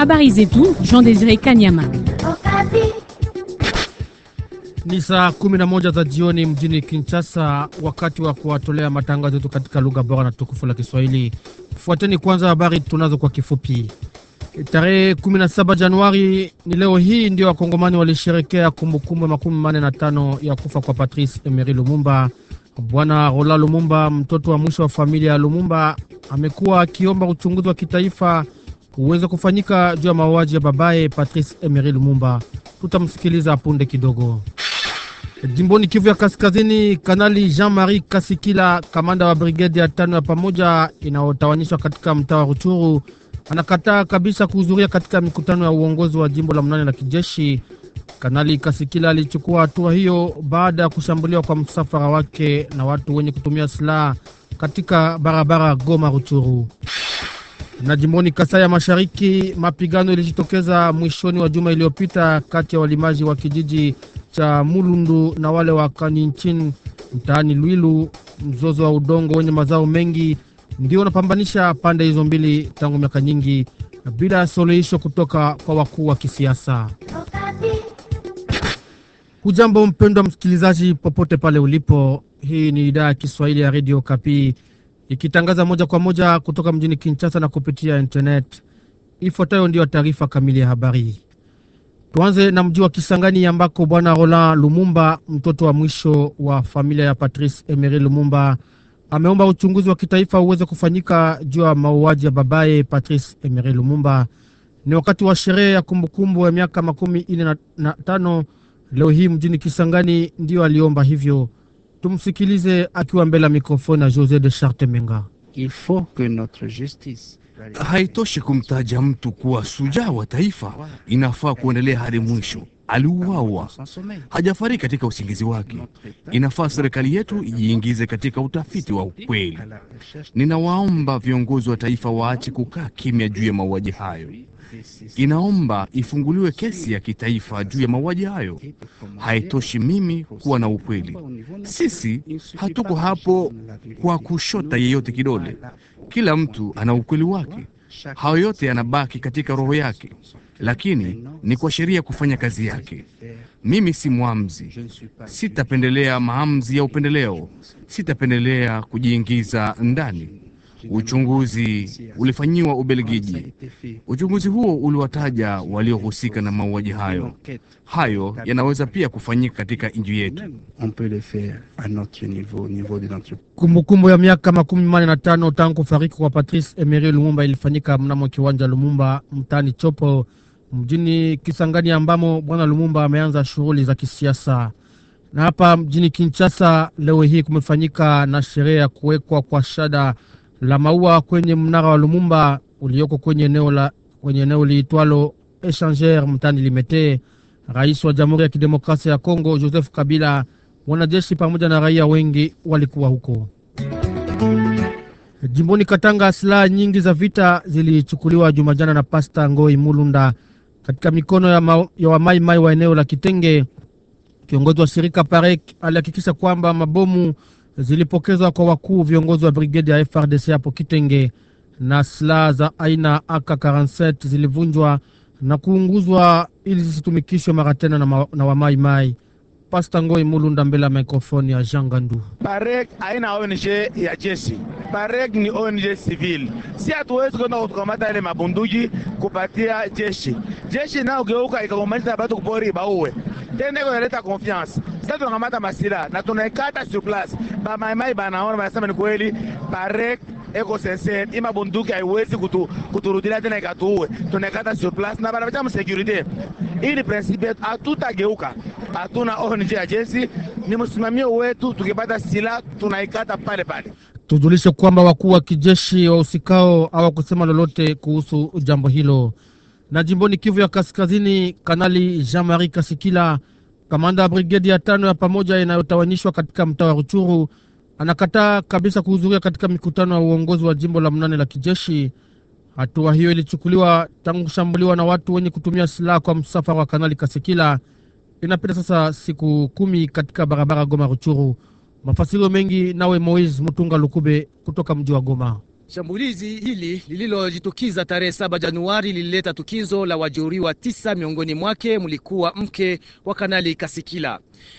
Habari Jean Désiré Kanyama. Ni saa 11 za jioni mjini Kinshasa, wakati wa kuwatolea matangazo yetu katika lugha bora na tukufu la Kiswahili. Fuateni kwanza habari tunazo kwa kifupi. Tarehe 17 Januari ni leo hii ndio wakongomani walisherekea kumbukumbu ya makumi manne na tano ya kufa kwa Patrice Emery Lumumba. Bwana Rola Lumumba, mtoto wa mwisho wa familia ya Lumumba, amekuwa akiomba uchunguzi wa kitaifa kuweza kufanyika juu ya mauaji ya babaye Patrice Emery Lumumba. Tutamsikiliza punde kidogo. Jimboni Kivu ya Kaskazini, Kanali Jean-Marie Kasikila, kamanda wa brigedi ya tano ya pamoja inayotawanyishwa katika mtaa wa Ruchuru, anakataa kabisa kuhudhuria katika mikutano ya uongozi wa jimbo la mnane la kijeshi. Kanali Kasikila alichukua hatua hiyo baada ya kushambuliwa kwa msafara wake na watu wenye kutumia silaha katika barabara Goma Ruchuru. Na jimboni Kasai ya Mashariki, mapigano ilijitokeza mwishoni wa juma iliyopita kati ya walimaji wa kijiji cha Mulundu na wale wa Kaninchin mtaani Lwilu. Mzozo wa udongo wenye mazao mengi ndio unapambanisha pande hizo mbili tangu miaka nyingi bila ya suluhisho kutoka kwa wakuu wa kisiasa. Hujambo mpendwa msikilizaji, popote pale ulipo. Hii ni idhaa ya Kiswahili ya Radio Kapi ikitangaza moja kwa moja kutoka mjini Kinshasa na kupitia internet. Ifuatayo ndiyo taarifa kamili ya habari. Tuanze na mji wa Kisangani ambako bwana Roland Lumumba, mtoto wa mwisho wa familia ya Patrice Emery Lumumba, ameomba uchunguzi wa kitaifa uweze kufanyika juu ya mauaji ya babaye Patrice Emery Lumumba. Ni wakati wa sherehe ya kumbukumbu ya miaka makumi ine na tano leo hii mjini Kisangani, ndiyo aliomba hivyo. Tumsikilize akiwa mbele ya mikrofoni ya Jose de Chartemenga. Haitoshi kumtaja mtu kuwa shujaa wa taifa, inafaa kuendelea hadi mwisho. Aliuawa, hajafariki katika usingizi wake. Inafaa serikali yetu ijiingize katika utafiti wa ukweli. Ninawaomba viongozi wa taifa waache kukaa kimya juu ya mauaji hayo inaomba ifunguliwe kesi ya kitaifa juu ya mauaji hayo. Haitoshi mimi kuwa na ukweli. Sisi hatuko hapo kwa kushota yeyote kidole. Kila mtu ana ukweli wake. Hayo yote yanabaki katika roho yake, lakini ni kwa sheria kufanya kazi yake. Mimi si mwamzi, sitapendelea maamzi ya upendeleo, sitapendelea kujiingiza ndani Uchunguzi ulifanyiwa Ubelgiji. Uchunguzi huo uliwataja waliohusika na mauaji hayo. Hayo yanaweza pia kufanyika katika nchi yetu. Kumbukumbu ya miaka makumi manne na tano tangu kufariki kwa Patrice Emery Lumumba ilifanyika mnamo kiwanja Lumumba mtaani Chopo mjini Kisangani, ambamo bwana Lumumba ameanza shughuli za kisiasa na hapa mjini Kinshasa leo hii kumefanyika na sherehe ya kuwekwa kwa shada la maua kwenye mnara wa Lumumba ulioko kwenye eneo la kwenye eneo liitwalo Echanger mtani Limete, rais wa Jamhuri ya Kidemokrasia ya Kongo Joseph Kabila, wanajeshi pamoja na raia wengi walikuwa huko. Jimboni Katanga, silaha nyingi za vita zilichukuliwa Jumajana na Pasta Ngoi Mulunda katika mikono ya, ma, ya wamaimai wa eneo la Kitenge. Kiongozi wa shirika Parek alihakikisha kwamba mabomu zilipokezwa kwa wakuu viongozi wa brigedi ya FRDC hapo Kitenge, na silaha za aina AK47 zilivunjwa na kuunguzwa ili zisitumikishwe mara tena na, na wamaimai. Pasta Ngoi Mulunda mbele ya mikrofoni ya Jean Gandu. Parek haina ONG ya jeshi, Parek ni ONG civil. Si hatuwezi kwenda kutukamata ile mabunduki kupatia jeshi, jeshi nao geuka batu kupori baue tende kunaleta confiance. Sasa tunakamata masila na tunaikata sur place, bamaimai banaona banasema ni kweli parek eko sensei ima bunduki haiwezi kutu, kuturudia tena ikatuue. Tunaikata sur place na banapatia msecurity. Hii ni prinsipi yetu, hatutageuka. Hatuna ONG ya jeshi, ni msimamio wetu. Tukipata sila tunaikata pale pale. Tujulishe kwamba wakuu wa kijeshi wahusikao hawakusema lolote kuhusu jambo hilo na jimboni Kivu ya Kaskazini, Kanali Jean-Marie Kasikila, kamanda wa brigedi ya tano ya pamoja inayotawanyishwa katika mtaa wa Ruchuru, anakataa kabisa kuhudhuria katika mikutano ya uongozi wa jimbo la mnane la kijeshi. Hatua hiyo ilichukuliwa tangu kushambuliwa na watu wenye kutumia silaha kwa msafara wa Kanali Kasikila. Inapita sasa siku kumi katika barabara Goma Ruchuru. Mafasirio mengi nawe Moise Mutunga Lukube kutoka mji wa Goma. Shambulizi hili lililojitukiza tarehe 7 Januari lilileta tukizo la wajeruhiwa tisa, miongoni mwake mlikuwa mke wa Kanali Kasikila.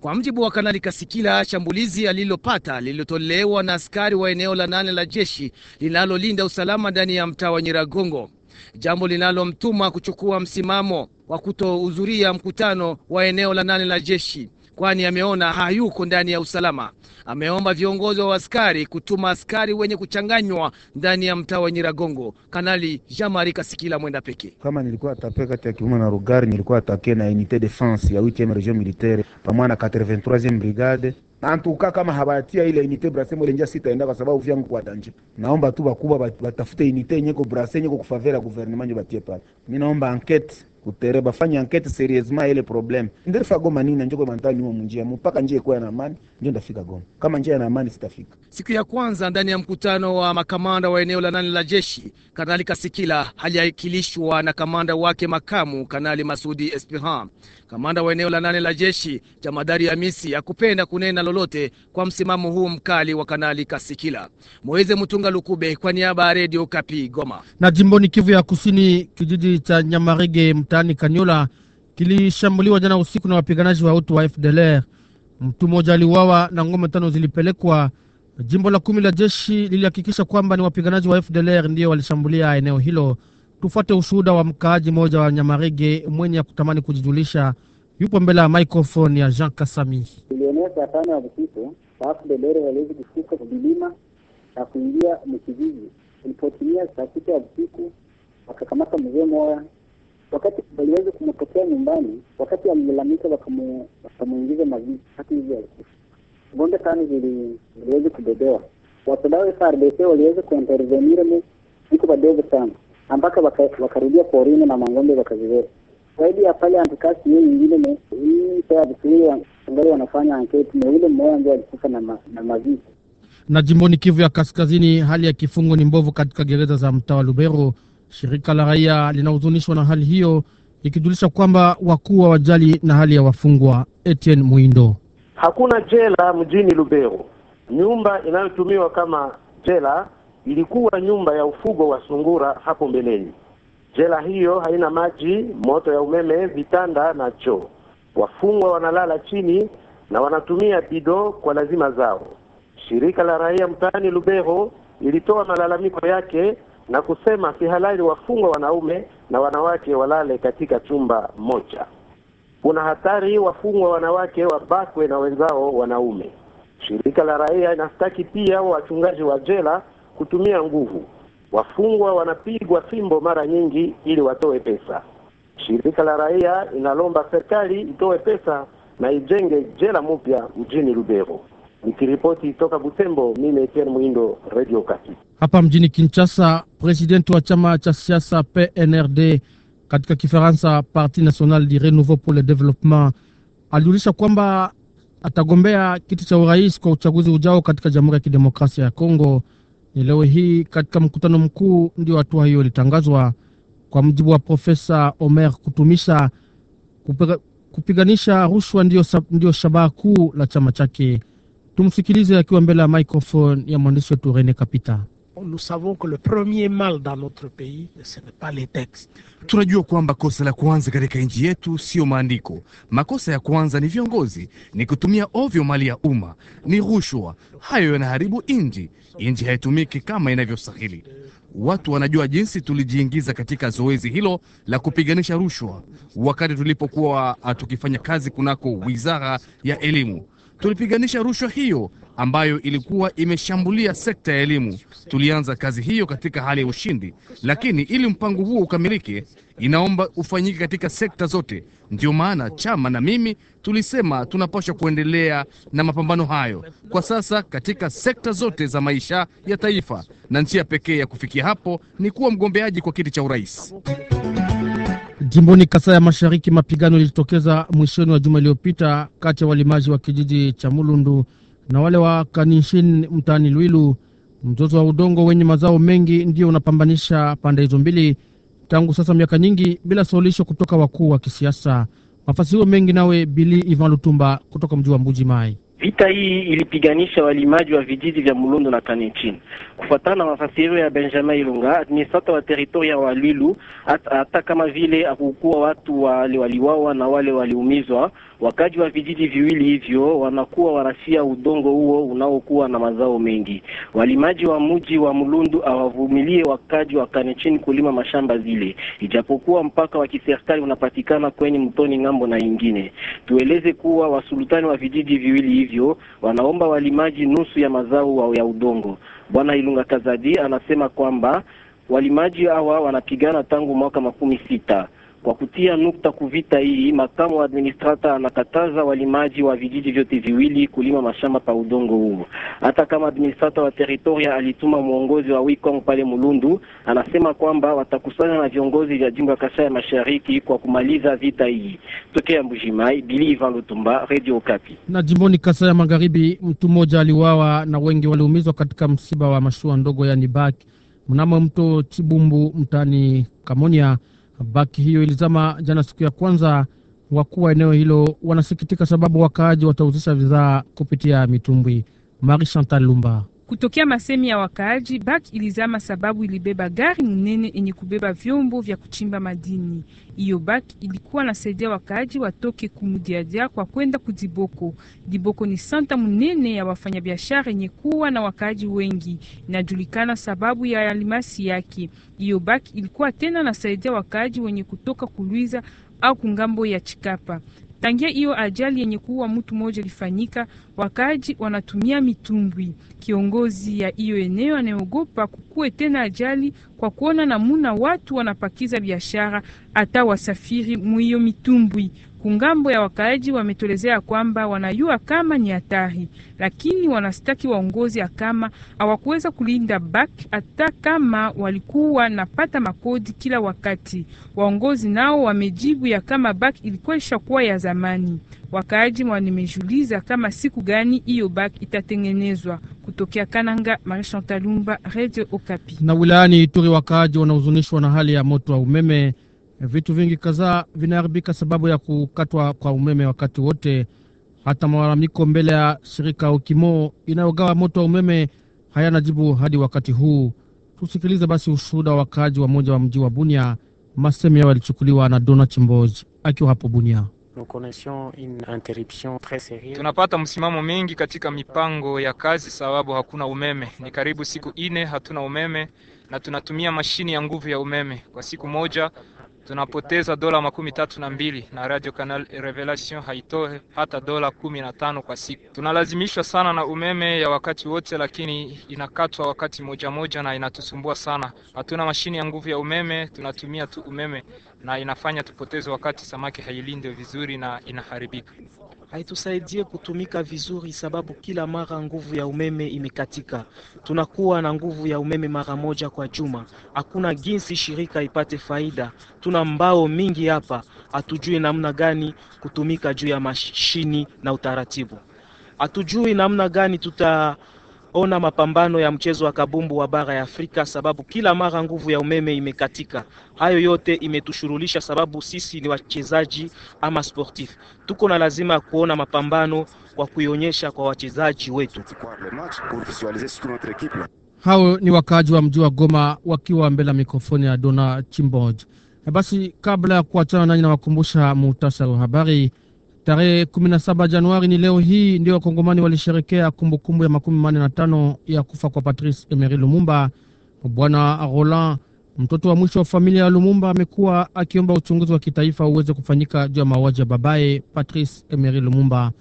Kwa mjibu wa Kanali Kasikila, shambulizi alilopata lililotolewa na askari wa eneo la nane la jeshi linalolinda usalama ndani ya mtaa wa Nyiragongo, jambo linalomtuma kuchukua msimamo wa kutohudhuria mkutano wa eneo la nane la jeshi kwani ameona hayuko ndani ya usalama. Ameomba viongozi wa askari kutuma askari wenye kuchanganywa ndani ya mtaa wa Nyiragongo. Kanali jamari Kasikila mwenda peke. Kama nilikuwa atape kati ya kiuma na Rugari, nilikuwa atake na unité défense ya 8e région militaire pamoja na 83e brigade Antuka kama habatia ile unité brase mole sita kwa sababu vyangu kwa danje. Naomba tu bakubwa batafute unité nyeko brase nyeko kufavela gouvernement nyo batie pale. Mimi naomba enquête kutere bafanye enquête sérieusement ile problème ndefa Goma nini na njoko mantani mu munjia mpaka njie kwa na amani ndio ndafika Goma. Kama njia na amani sitafika. Siku ya kwanza ndani ya mkutano wa makamanda wa eneo la nane la jeshi, Kanali Kasikila haliakilishwa na kamanda wake makamu Kanali Masudi espiham Kamanda wa eneo la nane la jeshi jamadari ya misi akupenda kunena lolote kwa msimamo huu mkali wa Kanali Kasikila. mweze mtunga Lukube kwa niaba ya Radio Kapi Goma. Na jimboni Kivu ya Kusini kijiji cha Nyamarege mtaani Kanyola kilishambuliwa jana usiku na wapiganaji wa utu wa FDLR. Mtu mmoja aliuawa na ngome tano zilipelekwa. Jimbo la kumi la jeshi lilihakikisha kwamba ni wapiganaji wa FDLR ndio walishambulia eneo hilo. Tufuate ushuhuda wa mkaaji mmoja wa Nyamarege mwenye ya kutamani kujijulisha. Yupo mbele ya microphone ya Jean Kasami. ilionyesha tano ya usiku waafdelere waliweza kushuka na kuingia mkijiji. Ilipotimia saa sita ya usiku wakakamata mzee moya wakati waliweza kumpokea nyumbani, wakati alilalamika wakamuingiza mazishi. Hati alikufa. ng'ombe tano ziliweza kubebewa. Wapendao FARDC waliweza kuintervenire mu siku wadogo sana, ambaka wakarudia porini na mang'ombe wakazibeba zaidi ya pale. Antikasi hiyo nyingine ngali wanafanya anketi na ule mmoja ndio alikufa na mazishi. Na jimboni Kivu ya Kaskazini, hali ya kifungo ni mbovu katika gereza za mtaa wa Lubero Shirika la raia linahuzunishwa na hali hiyo, ikijulisha kwamba wakuu wa wajali na hali ya wafungwa. Etienne Muindo: hakuna jela mjini Lubero. Nyumba inayotumiwa kama jela ilikuwa nyumba ya ufugo wa sungura hapo mbeleni. Jela hiyo haina maji, moto ya umeme, vitanda na choo. Wafungwa wanalala chini na wanatumia bido kwa lazima zao. Shirika la raia mtaani Lubero ilitoa malalamiko yake na kusema si halali wafungwa wanaume na wanawake walale katika chumba moja. Kuna hatari wafungwa wanawake wabakwe na wenzao wanaume. Shirika la raia inastaki pia wachungaji wa jela kutumia nguvu. Wafungwa wanapigwa fimbo mara nyingi ili watoe pesa. Shirika la raia inalomba serikali itoe pesa na ijenge jela mpya mjini Lubero. Nikiripoti toka Butembo, mimi Etienne Mwindo, Radio Kati. Hapa mjini Kinshasa, presidenti wa chama cha siasa PNRD katika Kifaransa, Parti National du Renouveau pour le Développement, alijulisha kwamba atagombea kiti cha urais kwa uchaguzi ujao katika Jamhuri ya Kidemokrasia ya Kongo. Ni leo hii katika mkutano mkuu ndio hatua hiyo ilitangazwa. Kwa mjibu wa Profesa Omer Kutumisha, kupiganisha rushwa ndio, ndiyo shabaha kuu la chama chake. Tumsikilize akiwa mbele ya microphone ya mwandishi wetu Rene Kapita. nous savons le premier mal dans notre pas Tunajua kwamba kosa la kwanza katika nchi yetu sio maandiko. Makosa ya kwanza ni viongozi, ni kutumia ovyo mali ya umma, ni rushwa. Hayo yanaharibu nchi, nchi haitumiki kama inavyostahili. Watu wanajua jinsi tulijiingiza katika zoezi hilo la kupiganisha rushwa wakati tulipokuwa ah, tukifanya kazi kunako wizara ya elimu Tulipiganisha rushwa hiyo ambayo ilikuwa imeshambulia sekta ya elimu. Tulianza kazi hiyo katika hali ya ushindi, lakini ili mpango huo ukamilike, inaomba ufanyike katika sekta zote. ndio maana chama na mimi tulisema tunapaswa kuendelea na mapambano hayo kwa sasa katika sekta zote za maisha ya taifa, na njia pekee ya kufikia hapo ni kuwa mgombeaji kwa kiti cha urais. Jimboni Kasai ya Mashariki, mapigano yalitokeza mwishoni wa juma iliyopita kati ya walimaji wa kijiji cha Mulundu na wale wa kanishin mtaani Lwilu. Mzozo wa udongo wenye mazao mengi ndio unapambanisha pande hizo mbili tangu sasa miaka nyingi, bila suluhisho kutoka wakuu wa kisiasa. Mafasi hiyo mengi nawe Bili Ivan Lutumba kutoka mji wa Mbuji Mai. Vita hii ilipiganisha walimaji wa vijiji vya Mulundo na Kanichin. Kufuatana na mafasirio ya Benjamin Ilunga, administrata wa teritoria ya Walulu, hata kama vile akukuwa watu wale waliwawa na wale waliumizwa, wakaji wa vijiji viwili hivyo wanakuwa warasia udongo huo unaokuwa na mazao mengi. Walimaji wa mji wa Mulundu awavumilie wakaji wa Kanichin kulima mashamba zile, ijapokuwa mpaka wa kiserikali unapatikana kwenye mtoni ng'ambo na ingine. Tueleze kuwa wasultani wa vijiji viwili hivyo hivyo wanaomba walimaji nusu ya mazao ya udongo. Bwana Ilunga Kazadi anasema kwamba walimaji hawa wanapigana tangu mwaka makumi sita kwa kutia nukta kuvita hii, makamu wa administrata anakataza walimaji wa vijiji vyote viwili kulima mashamba pa udongo huo. Hata kama administrata wa teritoria alituma mwongozi wa Wikong pale Mulundu, anasema kwamba watakusanya na viongozi vya jimbo ya Kasai ya Mashariki kwa kumaliza vita hii. Tokea Mbujimai, Bili Ivan Lutumba, Radio Okapi. Na jimboni Kasai ya Magharibi, mtu mmoja aliuawa na wengi waliumizwa katika msiba wa mashua ndogo yani baki mnamo mto Chibumbu mtani Kamonia Baki hiyo ilizama jana siku ya kwanza. Wakuu wa eneo hilo wanasikitika sababu wakaaji watahusisha bidhaa kupitia mitumbwi. Marie Chantal Lumba Kutokea masemi ya wakaaji, BAK ilizama sababu ilibeba gari nene yenye kubeba vyombo vya kuchimba madini. Hiyo BAK ilikuwa nasaidia wakaaji watoke kumudiadia kwa kwenda kudiboko. Diboko ni santa mnene ya wafanyabiashara yenye kuwa na wakaaji wengi, inajulikana sababu ya alimasi yake. Hiyo BAK ilikuwa tena nasaidia wakaaji wenye kutoka Kulwiza au kungambo ya Chikapa. Tangia hiyo ajali yenye kuua mtu mmoja ilifanyika, wakaji wanatumia mitumbwi. Kiongozi ya hiyo eneo anaogopa kukue tena ajali kwa kuona namuna watu wanapakiza biashara hata wasafiri mwiyo mitumbwi kungambo ya wakaaji wametuelezea kwamba wanajua kama ni hatari, lakini wanastaki waongozi kama hawakuweza kulinda bak hata kama walikuwa napata makodi kila wakati. Waongozi nao wamejibu ya kama bak ilikuwa ishakuwa ya zamani. Wakaaji wanimejuliza kama siku gani hiyo bak itatengenezwa. Kutokea Kananga, Marie Chantalumba, Radio Okapi. Na wilayani Ituri, wakaaji wanahuzunishwa na hali ya moto wa umeme Vitu vingi kadhaa vinaharibika sababu ya kukatwa kwa umeme wakati wote. Hata malalamiko mbele ya shirika Ukimo inayogawa moto wa umeme hayana jibu hadi wakati huu. Tusikilize basi ushuhuda wa wakaaji wa moja wa mji wa Bunia. Masemi yao yalichukuliwa na Dona Chimbozi akiwa hapo Bunia. Tunapata msimamo mingi katika mipango ya kazi sababu hakuna umeme. Ni karibu siku ine hatuna umeme na tunatumia mashini ya nguvu ya umeme. Kwa siku moja tunapoteza dola makumi tatu na mbili na Radio Canal Revelation haitoe hata dola kumi na tano kwa siku. Tunalazimishwa sana na umeme ya wakati wote, lakini inakatwa wakati moja moja na inatusumbua sana. Hatuna mashine ya nguvu ya umeme, tunatumia tu umeme na inafanya tupoteze wakati. Samaki hailindwe vizuri na inaharibika haitusaidie kutumika vizuri, sababu kila mara nguvu ya umeme imekatika. Tunakuwa na nguvu ya umeme mara moja kwa juma, hakuna jinsi shirika ipate faida. Tuna mbao mingi hapa, hatujui namna gani kutumika juu ya mashini na utaratibu, hatujui namna gani tuta ona mapambano ya mchezo wa kabumbu wa bara ya Afrika, sababu kila mara nguvu ya umeme imekatika. Hayo yote imetushurulisha, sababu sisi ni wachezaji ama sportif, tuko na lazima ya kuona mapambano kwa kuionyesha kwa wachezaji wetu. Hao ni wakaaji wa mji wa Goma wakiwa mbele ya mikrofoni ya Dona Chimboj. Basi kabla ya kuachana nanyi, nawakumbusha muhtasari wa habari. Tarehe 17 Januari ni leo hii ndio wakongomani walisherekea kumbukumbu ya makumi manne na tano ya kufa kwa Patrice Emery Lumumba. Bwana Roland, mtoto wa mwisho wa familia ya Lumumba, amekuwa akiomba uchunguzi wa kitaifa uweze kufanyika juu ya mauaji ya babaye Patrice Emery Lumumba.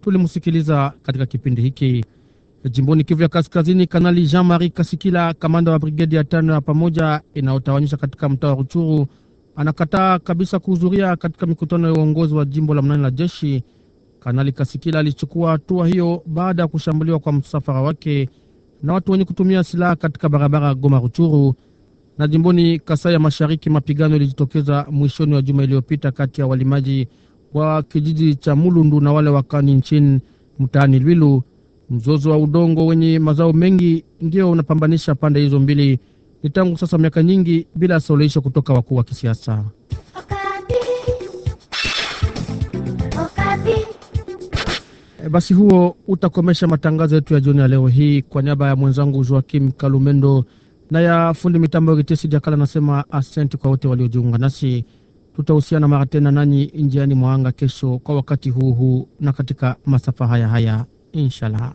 Tulimsikiliza katika kipindi hiki. Jimboni Kivu ya Kaskazini, Kanali Jean Marie Kasikila, kamanda wa brigedi ya tano ya pamoja inayotawanyisha katika mtaa wa Ruchuru anakataa kabisa kuhudhuria katika mikutano ya uongozi wa jimbo la mnane la jeshi. Kanali Kasikila alichukua hatua hiyo baada ya kushambuliwa kwa msafara wake na watu wenye kutumia silaha katika barabara Goma Ruchuru. Na jimboni Kasai ya Mashariki, mapigano yalijitokeza mwishoni wa juma iliyopita kati ya walimaji wa kijiji cha Mulundu na wale wa Kaninchin mtaani Lwilu. Mzozo wa udongo wenye mazao mengi ndio unapambanisha pande hizo mbili ni tangu sasa miaka nyingi bila suluhisho kutoka wakuu wa kisiasa. E, basi huo utakomesha matangazo yetu ya jioni ya leo hii. Kwa niaba ya mwenzangu Joakim Kalumendo na ya fundi mitambo ya Gitesi Jakala, nasema asenti kwa wote waliojiunga nasi. Tutahusiana mara tena nanyi njiani mwaanga kesho kwa wakati huu huu na katika masafa haya haya, inshallah.